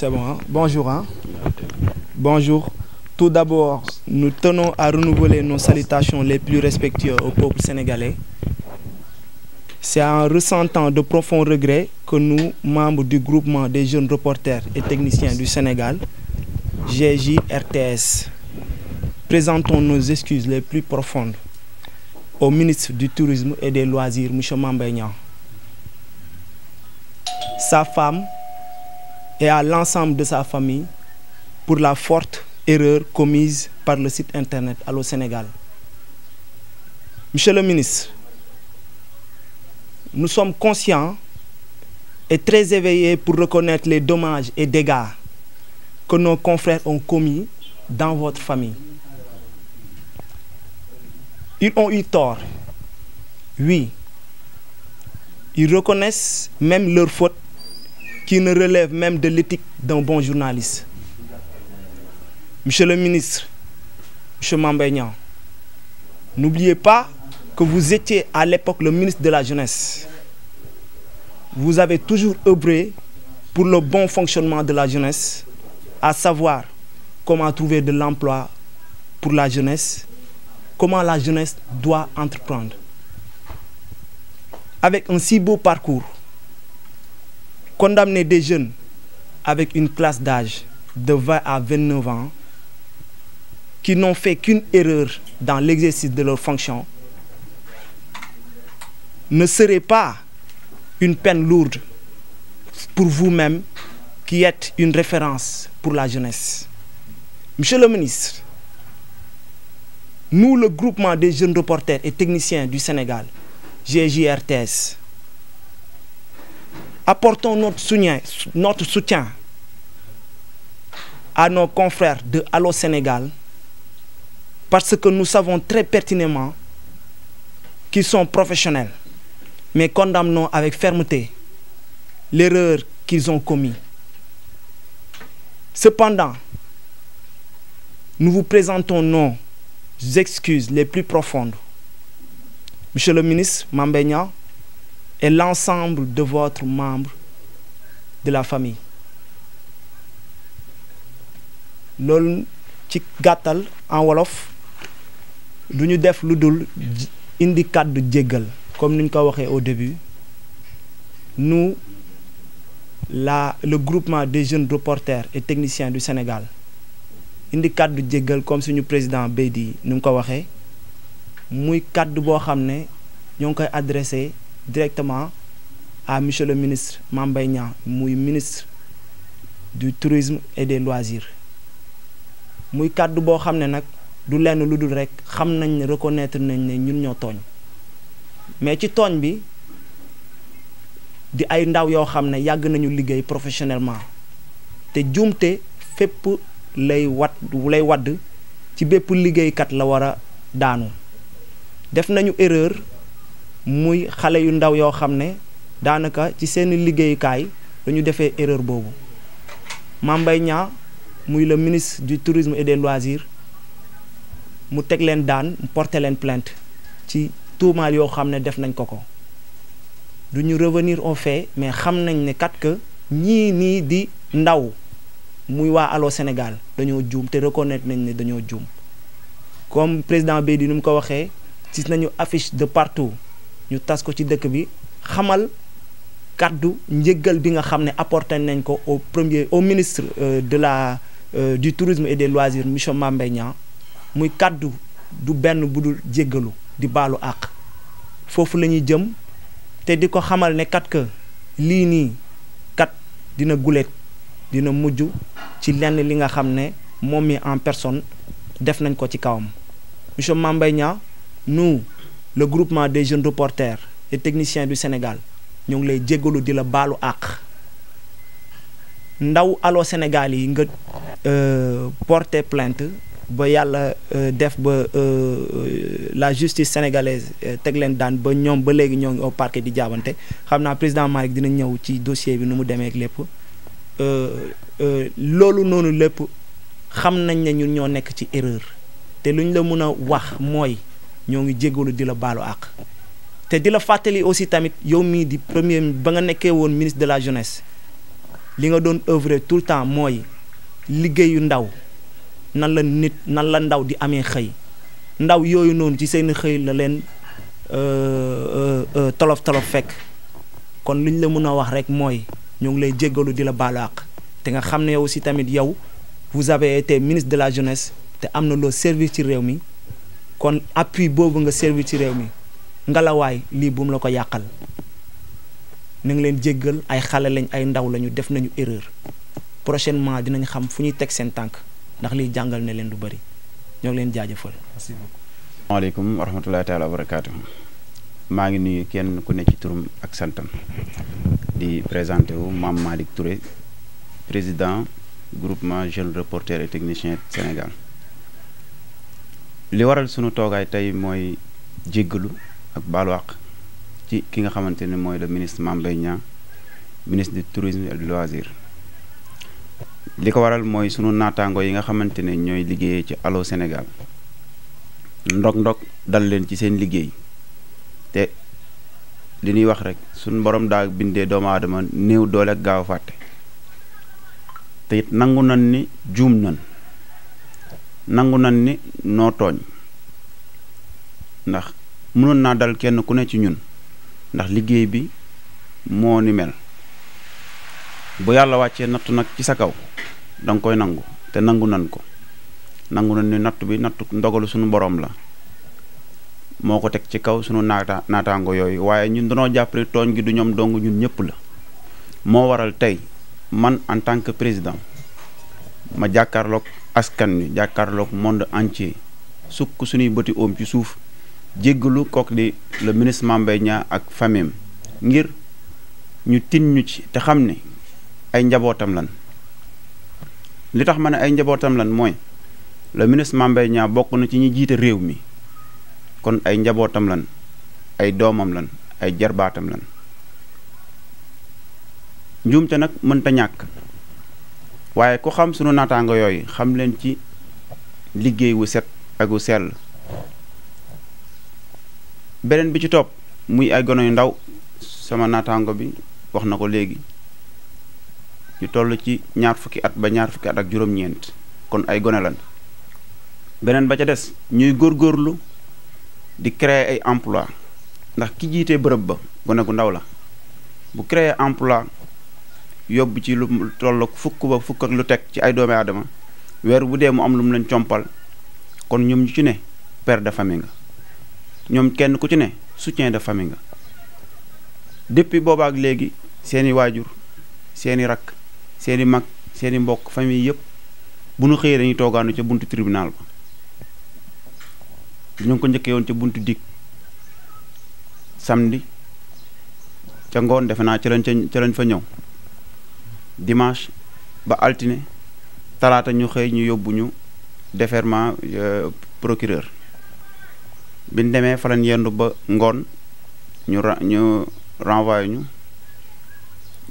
C'est bon, hein? Bonjour, hein? Tout d'abord, nous tenons à renouveler nos salutations les plus respectueuses au peuple sénégalais. C'est en ressentant de profonds regrets que nous, membres du groupement des jeunes reporters et techniciens du Sénégal, GJRTS, présentons nos excuses les plus profondes au ministre du Tourisme et des Loisirs, monsieur Mame Sa femme et à l'ensemble de sa famille pour la forte erreur commise par le site internet Allô Sénégal. Monsieur le ministre, nous sommes conscients et très éveillés pour reconnaître les dommages et dégâts que nos confrères ont commis dans votre famille. Ils ont eu tort, oui. Ils reconnaissent même leur faute qui ne relève même de l'éthique d'un bon journaliste monsieur le ministre monsieur Mame Mbaye Niang n'oubliez pas que vous étiez à l'époque le ministre de la jeunesse vous avez toujours œuvré pour le bon fonctionnement de la jeunesse à savoir comment trouver de l'emploi pour la jeunesse comment la jeunesse doit entreprendre avec un si beau parcours condamner des jeunes avec une classe d'âge de 20 à 29 ans qui n'ont fait qu'une erreur dans l'exercice de leur fonction ne serait pas une peine lourde pour vous-même qui êtes une référence pour la jeunesse. Monsieur le ministre, nous, le groupement des jeunes reporters et techniciens du Sénégal, GJRTS, apportons notre soutien, notre soutien à nos confrères de Allo Sénégal parce que nous savons très pertinemment qu'ils sont professionnels, mais condamnons avec fermeté l'erreur qu'ils ont commise. Cependant, nous vous présentons nos excuses les plus profondes. Monsieur le ministre Mambé et l'ensemble de votre membre de la famille loolu ci gàttal en wolof du ñu def lu dul indi kàddu jéggal comme ni ñu ko waxee au début nu la le groupement des jeunes reporters et technicien du Sénégal indi kàddu jéggal comme suñu président Beydi ni mu ko waxee muy kàddu boo xam ne ñoo ngi koy adressé directement à monsieur le ministre Mame Mbaye Niang muy ministre du tourisme et des loisirs muy kàddu boo xam ne nag du lenn lu dul rek xam nañ ne reconnaître nañ ne ñun ñoo tooñ mais ci tooñ bi di ay ndaw yoo xam ne yàgg nañu liggéey professionnellement te juumte fépp lay wat lay wadd ci bépp liggéeykat la war a daanu def nañu erreur muy xale yu ndaw yoo xam ne daanaka ci seen liggéeyukaay dañu defee erreur boobu Mame ñaa muy le ministre du tourisme et des loisirs mu teg leen daan mu porté leen plainte ci tuumaal yoo xam ne def nañ ko ko du ñu revenir au fait mais xam nañ ne kat que ñii nii di ndaw muy waa Allô Sénégal dañoo juum te reconnaître nañ ne dañoo juum comme président bi di nu mu ko waxee gis nañu affiche de partout ñu tas ko ci dëkk bi xamal kàddu njëgal bi nga xam ne apporté nañ ko au premier au ministre euh, de la euh, du tourisme et des loisirs monsieur Mame Mbaye muy kàddu du benn bu dul jéggalu di baalu àq foofu la ñuy jëm te di ko xamal ne kat que lii nii kat dina guléet dina mujj ci lenn li nga xam ne moom mi en personne def nañ ko ci kawam monsieur Mame Mbaye Niang le groupement des jeunes reporters et technicien du Sénégal ñoo ngi lay jéggalu di la baalu àq ndaw Allô Sénégal yi nga euh, porté plainte ba yàlla euh, def ba euh, la justice sénégalaise teg leen daan ba ñoom ba léegi ñoo ngi au parquet di jaabante xam naa président Malick dina ñëw ci dossier bi nu mu demee ak lépp loolu noonu lépp xam nañ ne ñun ñoo nekk ci erreur te lu ñu la mun a wax mooy. ñoo ngi jéggalu di la baalu àq te di la fàttali aussi tamit yow mii di premier ba nga nekkee woon ministre de la jeunesse li nga doon œuvrer tout le temps mooy liggéeyu ndaw nan la nit nan la ndaw di amee xëy ndaw yooyu noonu ci seen xëy la leen euh, euh, euh, tolof tolof fekk kon li ñu la mën a wax rek mooy ñoo ngi lay jéggalu di la baalu àq te nga xam ne aussi tamit yow vous avez été ministre de la jeunesse te am na loo service ci réew mi. kon appui boobu nga servi ci réew mi ngalawaay lii bu mu la ko yàqal na leen jéggal ay xale lañ ay ndaw lañu def nañu erreur prochainement dinañ xam fu ñuy teg seen tànk ndax liy jàngal ne leen lu bëri ñoo ngi leen jaajëfal. merci beaucoup. asalaamaaleykum wa rahmatullahi taala maa ngi nuyu kenn ku ne ci turam ak santam di présenté wu Mame Malick président groupement jeune reporter et technicien Sénégal. li waral sunu toogaay tey mooy jéggalu ak baalu ci ki nga xamante ne mooy le ministre Mame Mbaye Niang ministre du tourisme loisir li ko waral mooy sunu naataango yi nga xamante ne ñooy liggéeyee ci Allô senegal ndog ndog dal leen ci seen liggéey te li ñuy wax rek sunu borom daa bindee doomu aadama néew doole ak gaaw fàtte te nangu nan ni juum nan nangu nan ni noo tooñ ndax mënoon naa dal kenn ku ne ci ñun ndax liggéey bi moo ni mel bu yàlla wàccee nattu nag ci sa kaw danga koy nangu te nangu nan ko nangu nan ni nattu bi nattu ndogalu sunu borom la moo ko teg ci kaw sunu naataa naataango yooyu waaye ñun danoo jàppale tooñ gi du ñoom dong ñun ñëpp la moo waral tey man en tant que président ma jàkkaarloog askan wi jàkkaarloog monde entier sukk suñuy bëti oom ci suuf jéggalu kook li la ministre Mame Mbaye ak fameem ngir ñu tin ñu ci te xam ne ay njabootam lan li tax ma ne ay njabootam lan mooy la ministre Mame Mbaye bokk na ci ñi jiite réew mi kon ay njabootam lan ay doomam lan ay jarbaatam lan njuumte nag mënta ñàkk waaye ku xam sunu naataango yooyu xam leen ci liggéey wu set ak wu sell beneen bi ci topp muy ay gone yu ndaw sama naataango bi wax na ko léegi ñu toll ci ñaar fukki at ba ñaar fukki at ak juróom-ñeent kon ay gone lan beneen ba ca des ñuy góor góorlu di créer ay emploi ndax ki jiitee bërëb ba gone gu ndaw la bu créer emploi yóbbu ci lu tolloog fukk ba fukk ak lu teg ci ay doomi aadama weer bu dee mu am lu mu lañ compal kon ñoom ñu ci ne per de faminga ñoom kenn ku ci ne soutien de famille nga depuis boobaak léegi seeni waajur seeni rakk seeni mag seeni mbokk famille yépp bu nu xëyee dañuy toogaanu ca buntu tribunal ba ñu ko njëkkee yoon ca buntu dig samedi ca ngoon defe naa ca lañ ca ca lañ fa ñëw dimanche ba altine talaata ñu xëy ñu yóbbu ñu déferment euh, procureur biñ demee fa lañ yendu ba ngoon ñu ñu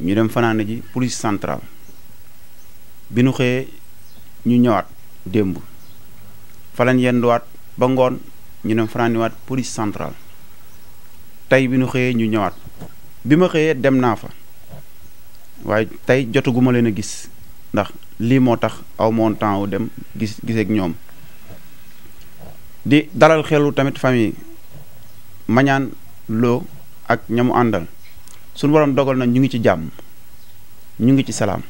ñu dem fanaane ji police centrale bi ñu xëyee ñu ñëwaat démb fa yenduwaat ba ngoon ñu dem fanaaniwaat police centrale tey bi ñu xëyee ñu ñëwaat bi ma xëyee dem naa fa waaye tey jotaguma leen a gis ndax lii moo tax aw moon wu dem gis giseeg ñoom di dalal xelu tamit famille mañaan loo ak ñamu àndal suñu borom dogal na ñu ngi ci jàmm ñu ngi ci salaam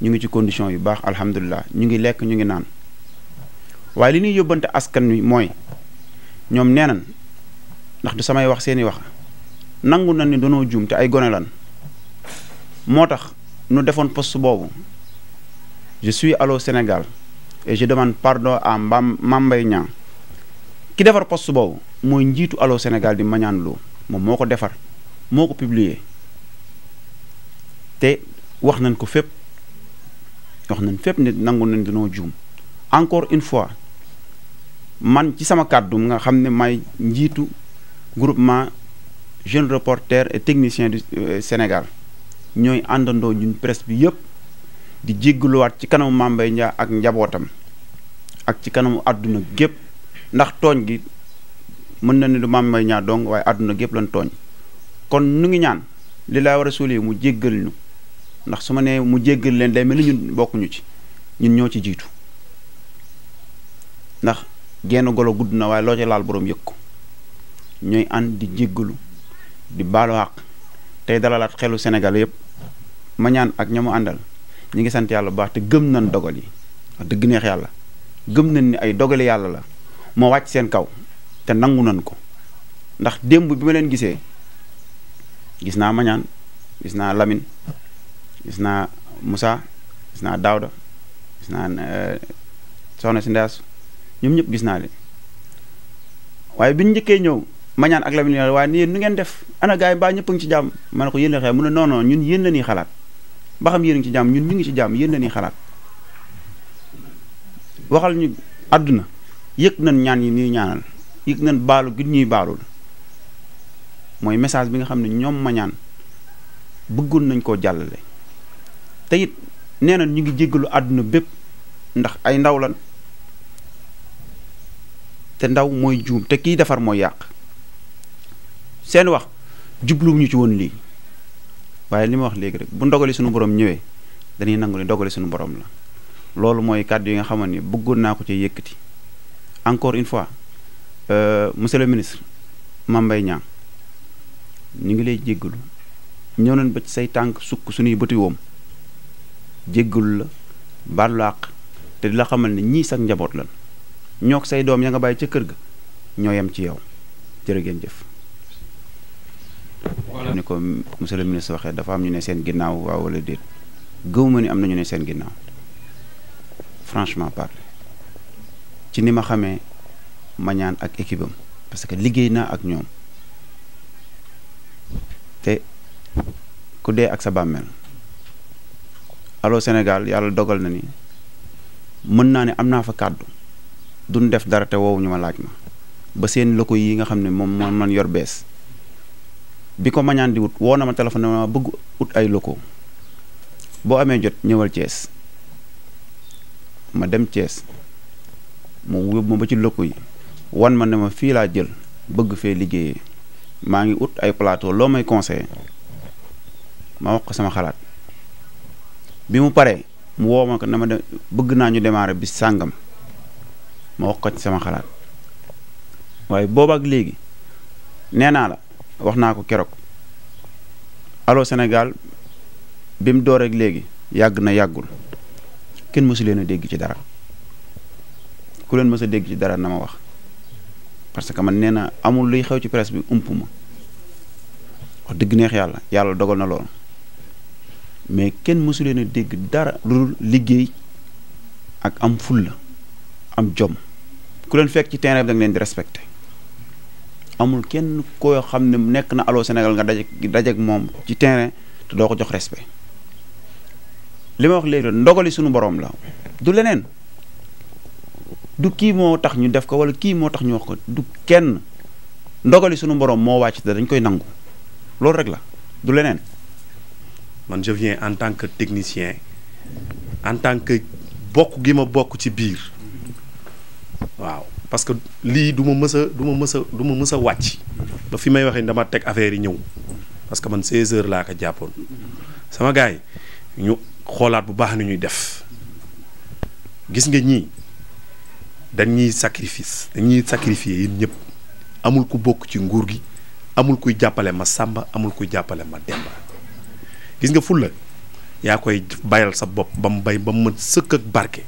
ñu ngi ci condition yu baax alhamdulilah ñu ngi lekk ñu ngi naan waaye li ñuy yóbbante askan wi mooy ñoom nee ndax du samay wax seeni wax nangu na ni danoo juum te ay gone lan moo tax nu defoon poste boobu je suis Allô Sénégal et je demande pardon à Mame Mbaye Niang ki defar post boobu mooy njiitu Allô Sénégal di Mañaan Lo moom moo ko defar moo ko publier te wax nañ ko fépp wax nañ fépp ne nangu nañ dañoo juum encore une fois man ci sama kàddu nga xam ne may njiitu groupement jeune reporter et technicien du euh, Sénégal ñooy àndandoo ñun presse bi yëpp di jéggaluwaat ci kanamu Mame Mbaye ak njabootam ak ci kanamu àdduna gépp ndax tooñ gi mën na ni du Mame Mbaye dong waaye àdduna gépp lan tooñ kon nu ngi ñaan li laa war a suulee mu jéggal ñu ndax su ma nee mu jéggal leen day mel ni ñun bokkuñu ci ñun ñoo ci jiitu ndax genn golo gudd na waaye loo ca laal boroom yëg ko ñooy ànd di jéggalu di baalu àq tey dalalaat xelu senegal yëpp mañaan ak ñamu àndal ñi ngi sant yàlla bu baax te gëm nañ dogal yi wax dëgg neex yàlla gëm nañ ni ay dogali yàlla la moo wàcc seen kaw te nangu nañ ko ndax démb bi ma leen gisee gis naa Mañaan gis naa lamin gis naa musa gis naa Daouda gis naa euh, soxna si Ndaas ñoom ñëpp gis naa leen waaye bi ñu njëkkee ñëw mañaan ak Lamine waaye ni yéen nu ngeen def ana gars yi mbaa ñëpp a ngi ci jàmm ma ne ko yéen la xew mu ne non non ñun yéen la ñuy xalaat ba xam yéen ngi ci jàmm ñun ñu ngi ci àdduna yëg na ñaan yi ñuy ñaanal yëg na baalu gi ñuy baalul mooy message bi nga xam ne ñoom mañaan bëggoon nañ koo jàllale te it nee na ñu ngi jéggalu àdduna bépp ndax ay ndaw lan te ndaw mooy juum te kiy defar mooy yàq seen wax jubluwuñu ci woon lii waaye li ma wax léegi rek bu ndogalee suñu borom ñëwee dañuy nangu ni ndogali suñu borom la loolu mooy kàddu yi nga xamante ni bëggoon naa ko ci yëkkati encore une fois euh, monsieur le ministre mambay Mbaye ñu ngi lay jéggalu ñoo nañ ba say tànk sukk suñuy bëtiwoom woom jéggalu la baalu àq te di la xamal ne ñii sax njaboot la ñoo say doom ya nga bàyyi ca kër ga ñoo yem ci yow jërë ngeen jëf ni ko monsieur le ministre waxee dafa am ñu ne seen ginnaaw waaw wala déet gëwuma ni am na ñu ne seen ginnaaw franchement parler ci ni ma xamee mañaan ak équipe parce que liggéey naa ak ñoom te ku dee ak sa bàmmeel Allô Sénégal yàlla dogal na ni mën naa ne am naa fa kàddu duñ def dara te woowu ñu ma laaj ma ba seen loko yi nga xam ne moom man yor bees bi ko mañaan di wut woo na ma ma bëgg ut ay locaux boo amee jot ñëwal cees ma dem cees mu yóbbu ma ba ci locaux yi wan ma ne ma fii laa jël bëgg fee liggéeyee maa ngi ut ay plateau loo may conseillé ma wax ko sama xalaat bi mu paree mu woo ma ko bëgg naa ñu démarrer bi sàngam ma wax ci sama xalaat waaye léegi nee naa la. wax naa ko keroog Allô Sénégal bi mu door ak léegi yàgg na yàggul kenn mësu leen a dégg ci dara ku leen mës a dégg ci dara na ma wax parce que man nee na amul luy xew ci presse bi ump ma wax dëgg neex yàlla yàlla dogal na lool mais kenn mësu leen a dégg dara lu dul liggéey ak am fulla am jom ku leen fekk ci terrain bi leen di respecté amul kenn koo xam ne nekk na aloo Sénégal nga daje dajeeg moom ci terrain te doo ko jox respect li ma wax léegi la ndogali suñu boroom la du leneen du kii moo tax ñu def ko wala kii moo tax ñu wax ko du kenn ndogali sunu boroom moo wàcc te dañ koy nangu loolu rek la du leneen. man je viens en tant que technicien en tant que bokk gi ma bokk ci biir waaw parce que lii du ma mës a du ma mës a du ma mës a wàcc ba fi may waxee dama teg affaire yi ñëw parce que man 16 heures laa ko jàppoon sama gars ñu xoolaat bu baax nañuy def gis nga ñii dañuy sacrifice dañuy sacrifier yéen ñëpp amul ku bokk ci nguur gi amul kuy jàppale ma Samba amul kuy jàppale ma Demba gis nga fulla yaa koy bayal sa bopp ba mu bay ba mu ma sëkk ak barke.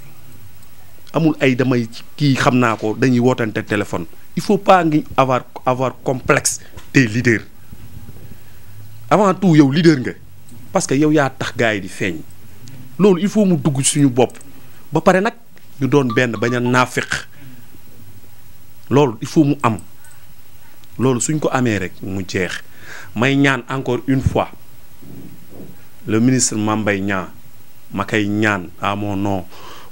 amul ay damay kii xam naa ko dañuy wootante téléphone il faut pas ngi avoir avoir complex des leaders avant tout yow leader nga parce que yow yaa tax gars yi di feeñ loolu il faut mu dugg suñu bopp ba pare nag ñu doon benn bañ a naafiq loolu il faut mu am loolu suñ ko amee rek mu jeex may ñaan encore une fois le ministre Mame ñaa Niang ma koy ñaan amoon mon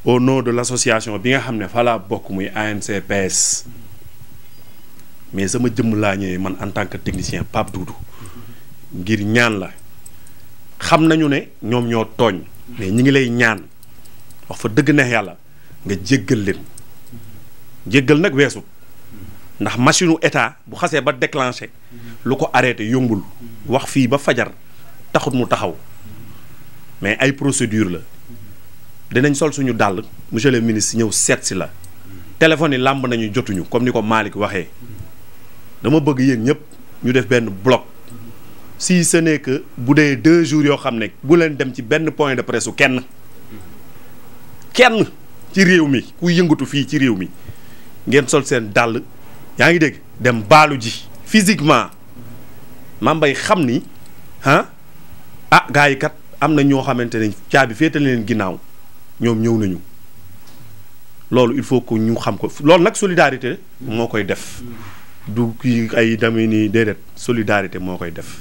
au nom de l' association bi nga xam ne fa laa bokk muy ANCPS mais sama jëmm laa ñëwee man en tant que technicien Pape Doudou ngir ñaan la xam nañu ne ñoom ñoo tooñ mais ñi ngi lay ñaan wax fa dëgg neex yàlla nga jéggal leen jéggal nag weesu ndax machine u état bu xasee ba déclenché lu ko arrêté yombul wax fii ba fajar taxut mu taxaw mais ay procédure la dinañ sol suñu dàll monsieur le ministre ñëw seet si la téléphone yi làmb nañu jotuñu comme ni ko Malick waxe dama bëgg yéen ñëpp ñu def benn bloc si ce n'est bu dee deux jours yoo xam ne bu leen dem ci benn point de presse kenn kenn ci réew mi ku yëngatu fii ci réew mi ngeen sol seen dàll yaa ngi dégg dem baalu ji physiquement mambay xam ni ah ah gars am na ñoo xamante ne caabi féetale leen ginnaaw ñoom ñëw nañu loolu il faut que ñu xam ko loolu nag solidarité moo koy def du kii ay demee nii déedéet solidarité moo koy def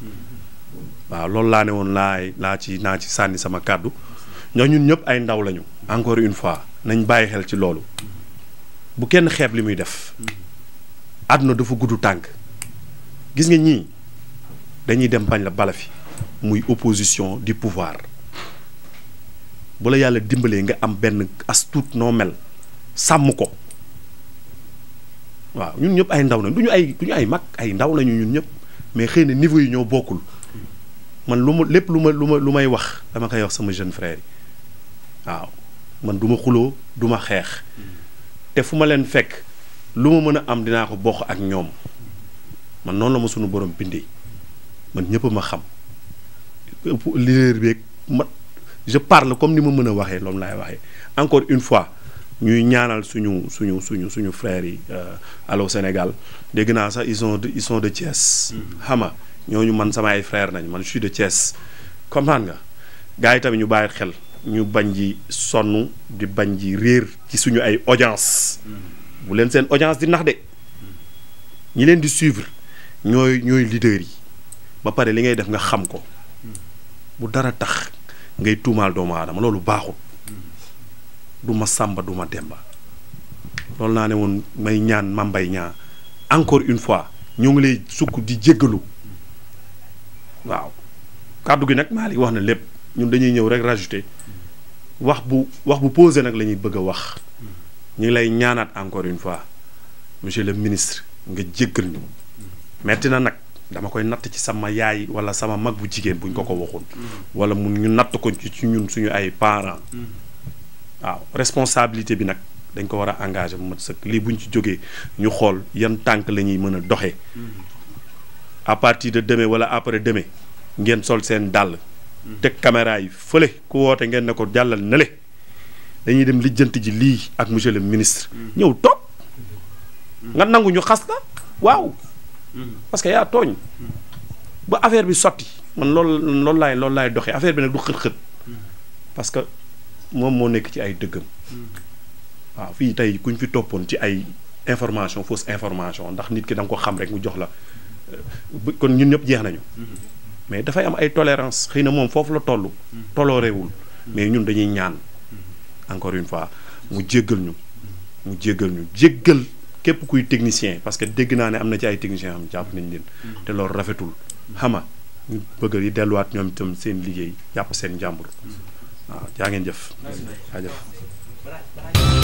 waaw loolu laa ne woon laay laa ci naa ci sànni sama kàddu ñoo ñun ñëpp ay ndaw lañu. encore une fois nañ bàyyi xel ci loolu bu kenn xeeb li muy def àdduna du fa gudd tànk gis nga ñii dañuy dem bañ la bala muy opposition di pouvoir. bu la yàlla dimbalee nga am benn as tuut noo mel sàmm ko waaw ñun ñëpp ay ndaw nañ du ñu ay du ñu ay mag ay ndaw lañu ñun ñëpp mais xëy na niveau yi ñoo bokkul man lu lépp lu ma lu ma lu may wax dama koy wax sama jeune frère yi waaw man duma xuloo duma xeex te fu ma leen fekk lu ma mën a am dinaa ko bokk ak ñoom man noonu la ma sunu borom bindee man ñëpp ma xam je parle comme ni ma mën a waxee loolu laay waxee encore une fois ñuy ñaanal suñu suñu suñu suñu frères yi euh, aloo Sénégal dégg naa sax ison sont de ils sont de Thiès. Mm-hmm. xam nga ñooñu man sama ay frères nañ man je de Thiès comprendre nga gars yi tamit ñu bàyyi xel ñu bañ ji sonn di bañ ji réer ci suñu ay audience mm-hmm. bu leen seen audience di nax de mm-hmm. ñi leen di suivre ñooy ñooy leaders yi ba pare li ngay def nga xam ko bu dara tax. ngay tuumaal doomu aadama loolu baaxut du ma sàmba du ma demba loolu naa ne woon may ñaan ma mbay ñaa encore une fois ñoo ngi lay sukk di jéggalu waaw kàddu gi nag Malick wax na lépp ñun dañuy ñëw rek rajouter wax bu wax bu posé nag la ñuy bëgg a wax ñu ngi lay ñaanaat encore une fois monsieur le ministre nga jéggal ñu metti na nag. dama koy natt ci sama yaay wala sama mag bu jigéen buñ ko ko waxoon. wala mun ñu natt ko ci ci ñun suñu ay parent waaw responsabilité bi nag dañ ko war a engagé bu mat sëkk lii buñ ci jógee ñu xool yan tànk la ñuy mën a doxee. à partir de demain wala après demain ngeen sol seen dàll. teg caméra yi fële ku woote ngeen ne ko jàllal na dañuy dem lijjant ji lii ak monsieur le ministre. ñëw toog. nga nangu ñu xas la waaw. parce que yaa tooñ. ba affaire bi sotti man loolu loolu laay loolu laay doxee affaire bi nag du xët-xët. parce que moom moo nekk ci ay dëggam. waaw fii tey ñu fi toppoon ci ay information fausse information ndax nit ki da nga ko xam rek mu jox la euh, kon ñun ñëpp jeex nañu. mais dafay am ay tolérance xëy na moom foofu la toll. tolooreewul mais ñun dañuy ñaan. encore une fois mu jéggal ñu. mu jéggal ñu jéggal. képp kuy technicien parce que dégg naa ne am na ci ay technicien xam jàpp nañ leen mm. te loolu rafetul xama ñu bëgg yi delluwaat ñoom itam seen liggéey jàpp seen jàmbur mm. waaw jaa ngeen jëf jaa jëf